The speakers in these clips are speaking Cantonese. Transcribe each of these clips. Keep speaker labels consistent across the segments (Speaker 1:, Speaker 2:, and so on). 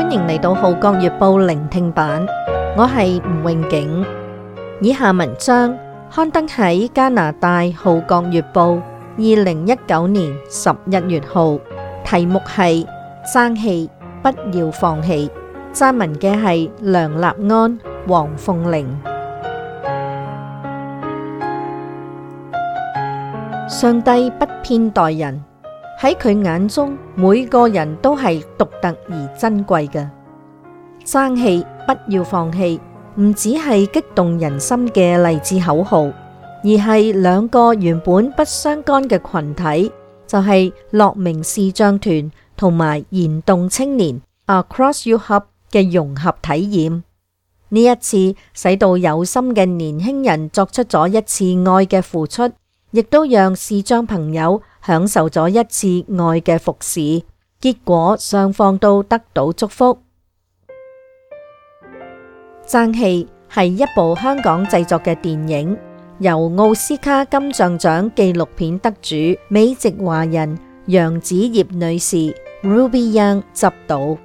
Speaker 1: 歡迎嚟到《號角月報》聆聽版，我係吳永景。以下文章刊登喺加拿大《號角月報》二零一九年十一月號，題目係《爭氣不要放棄》，撰文嘅係梁立安、黃鳳玲。上帝不偏待人。喺佢眼中，每個人都係獨特而珍貴嘅。爭氣，不要放棄，唔只係激動人心嘅勵志口號，而係兩個原本不相干嘅群體，就係樂明視障團同埋燃動青年，Across U-hub 嘅融合體驗。呢一次，使到有心嘅年輕人作出咗一次愛嘅付出，亦都讓視障朋友。享受咗一次愛嘅服侍，結果雙方都得到祝福。 爭氣係一部香港製作嘅電影，由奧斯卡金像獎紀錄片得主美籍華人楊子葉女士 Ruby Young 執導。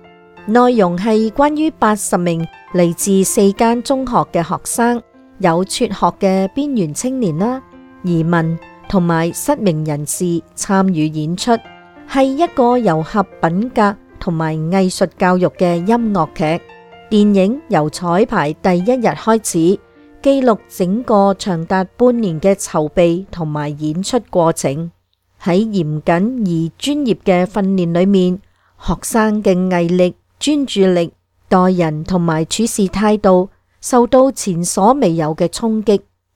Speaker 1: 內容係關於八十名嚟自四間中學嘅學生，有輟學嘅邊緣青年啦、啊，疑問。同埋失明人士參與演出，係一個融合品格同埋藝術教育嘅音樂劇。電影由彩排第一日開始，記錄整個長達半年嘅籌備同埋演出過程。喺嚴謹而專業嘅訓練裏面，學生嘅毅力、專注力、待人同埋處事態度受到前所未有嘅衝擊。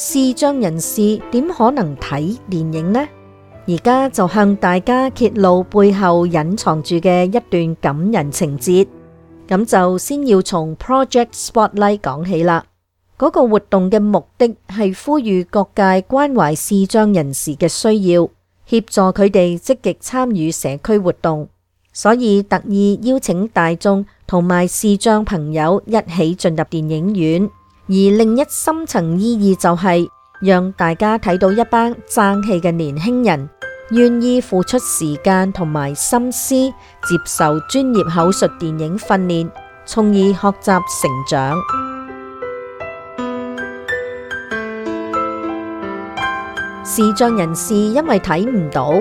Speaker 1: 視障人士點可能睇電影呢？而家就向大家揭露背後隱藏住嘅一段感人情節。咁就先要從 Project Spotlight 講起啦。嗰個活動嘅目的係呼籲各界關懷視障人士嘅需要，協助佢哋積極參與社區活動。所以特意邀請大眾同埋視障朋友一起進入電影院。而另一深層意義就係讓大家睇到一班爭氣嘅年輕人願意付出時間同埋心思，接受專業口述電影訓練，從而學習成長。視障人士因為睇唔到，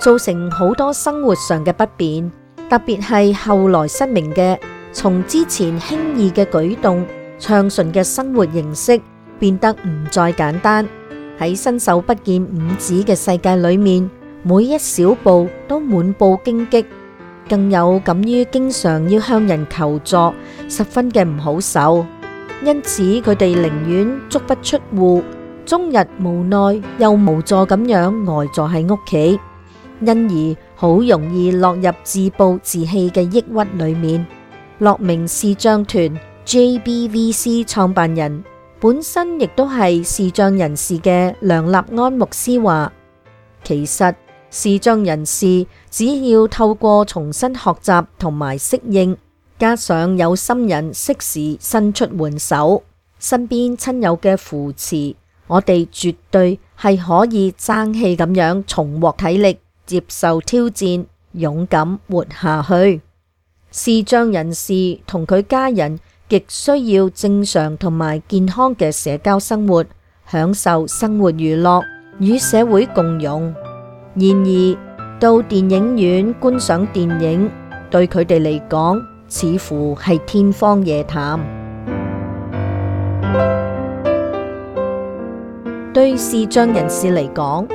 Speaker 1: 造成好多生活上嘅不便，特別係後來失明嘅，從之前輕易嘅舉動。暢順嘅生活形式變得唔再簡單，喺伸手不見五指嘅世界裏面，每一小步都滿布荊棘，更有敢於經常要向人求助，十分嘅唔好受。因此，佢哋寧願足不出戶，終日無奈又無助咁樣呆坐喺屋企，因而好容易落入自暴自棄嘅抑鬱裏面。樂明視障團。J.BVC 創辦人本身亦都係視障人士嘅梁立安牧師話：其實視障人士只要透過重新學習同埋適應，加上有心人適時伸出援手，身邊親友嘅扶持，我哋絕對係可以爭氣咁樣重獲體力，接受挑戰，勇敢活下去。視障人士同佢家人，亦需要正常同埋健康嘅社交生活，享受生活娛樂與社會共融。然而，到電影院觀賞電影，對佢哋嚟講似乎係天方夜譚。對視障人士嚟講，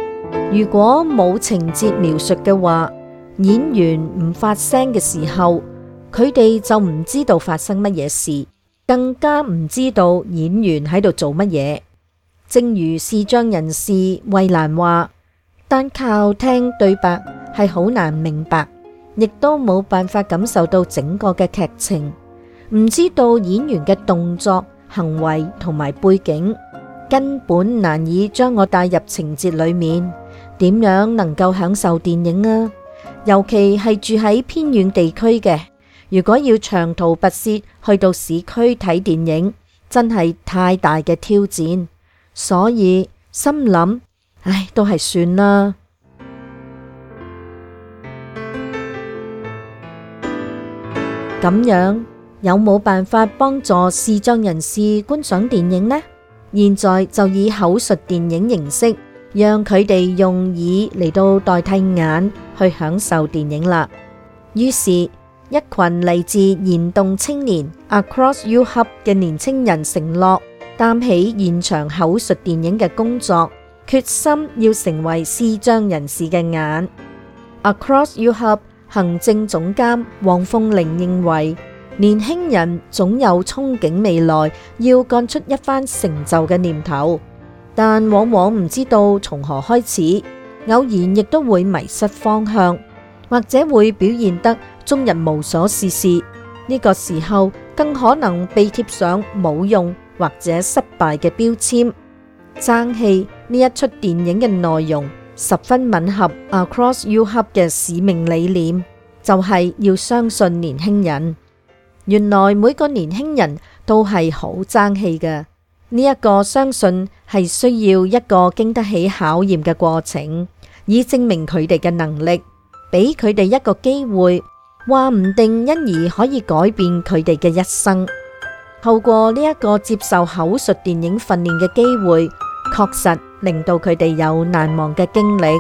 Speaker 1: 如果冇情節描述嘅話，演員唔發聲嘅時候。佢哋就唔知道發生乜嘢事，更加唔知道演員喺度做乜嘢。正如視障人士慧蘭話：單靠聽對白係好難明白，亦都冇辦法感受到整個嘅劇情，唔知道演員嘅動作、行為同埋背景，根本難以將我帶入情節裏面。點樣能夠享受電影啊？尤其係住喺偏遠地區嘅。如果要長途跋涉去到市區睇電影，真係太大嘅挑戰，所以心諗，唉，都係算啦。咁樣有冇辦法幫助視障人士觀賞電影呢？現在就以口述電影形式，讓佢哋用耳嚟到代替眼去享受電影啦。於是。一群嚟自燃動青年 Across U Hub 嘅年青人承諾擔起現場口述電影嘅工作，決心要成為視障人士嘅眼。Across U Hub 行政總監黃鳳玲認為，年輕人總有憧憬未來、要幹出一番成就嘅念頭，但往往唔知道從何開始，偶然亦都會迷失方向。或者會表現得終日無所事事，呢個時候更可能被貼上冇用或者失敗嘅標籤。爭氣，呢一出電影嘅內容十分吻合 Across U-hub 嘅使命理念，就係要相信年輕人。原來每個年輕人都係好爭氣嘅，呢一個相信係需要一個經得起考驗嘅過程，以證明佢哋嘅能力。俾佢哋一個機會，話唔定因而可以改變佢哋嘅一生。透過呢一個接受口述電影訓練嘅機會，確實令到佢哋有難忘嘅經歷。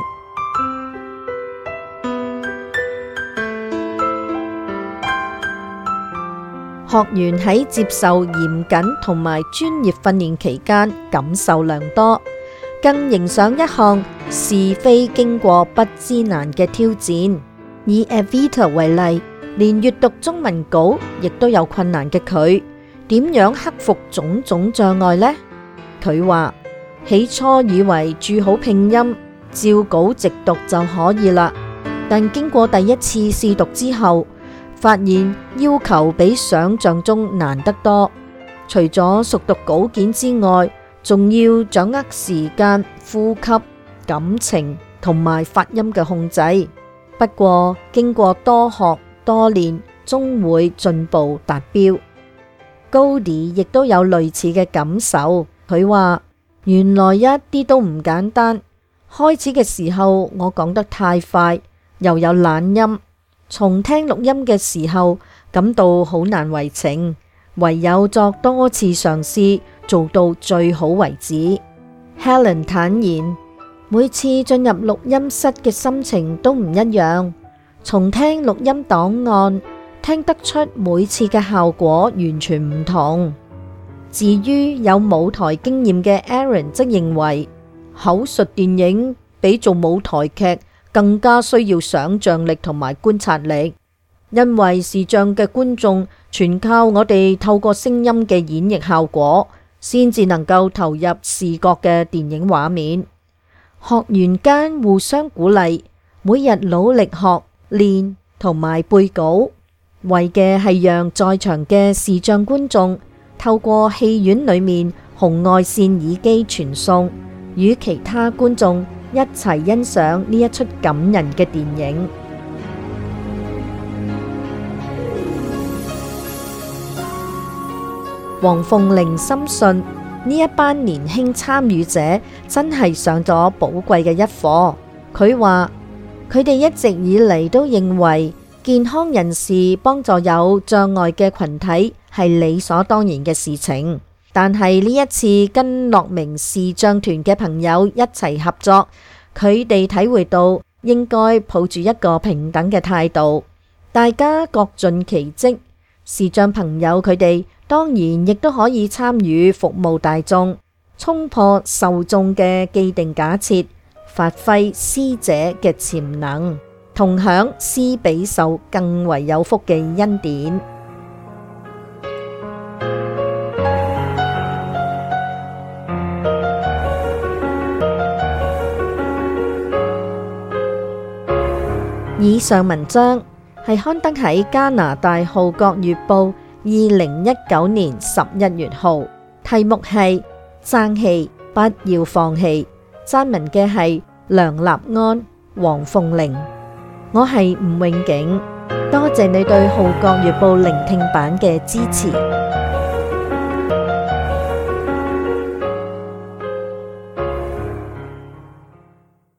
Speaker 1: 學員喺接受嚴謹同埋專業訓練期間，感受良多。更迎上一項是非經過不知難嘅挑戰。以 Avita 為例，連閱讀中文稿亦都有困難嘅佢，點樣克服種種障礙呢？佢話起初以為注好拼音、照稿直讀就可以啦，但經過第一次試讀之後，發現要求比想象中難得多。除咗熟讀稿件之外，仲要掌握時間、呼吸、感情同埋發音嘅控制。不過經過多學多練，終會進步達標。高迪亦都有類似嘅感受。佢話：原來一啲都唔簡單。開始嘅時候，我講得太快，又有懶音。從聽錄音嘅時候，感到好難為情，唯有作多次嘗試。做到最好為止。Helen 坦言，每次進入錄音室嘅心情都唔一樣，重聽錄音檔案，聽得出每次嘅效果完全唔同。至於有舞台經驗嘅 Aaron 則認為，口述電影比做舞台劇更加需要想象力同埋觀察力，因為視障嘅觀眾全靠我哋透過聲音嘅演繹效果。先至能夠投入視覺嘅電影畫面，學員間互相鼓勵，每日努力學練同埋背稿，為嘅係讓在場嘅視障觀眾透過戲院裏面紅外線耳機傳送，與其他觀眾一齊欣賞呢一出感人嘅電影。黃鳳玲深信呢一班年輕參與者真係上咗寶貴嘅一課。佢話佢哋一直以嚟都認為健康人士幫助有障礙嘅群體係理所當然嘅事情，但係呢一次跟樂明視障團嘅朋友一齊合作，佢哋體會到應該抱住一個平等嘅態度，大家各盡其職。是障朋友佢哋當然亦都可以參與服務大眾，衝破受眾嘅既定假設，發揮施者嘅潛能，同享施比受更為有福嘅恩典。以上文章。係刊登喺加拿大《號角月報》二零一九年十一月號，題目係《爭氣，不要放棄》。撰文嘅係梁立安、黃鳳玲。我係吳永景，多謝你對《號角月報》聆聽版嘅支持。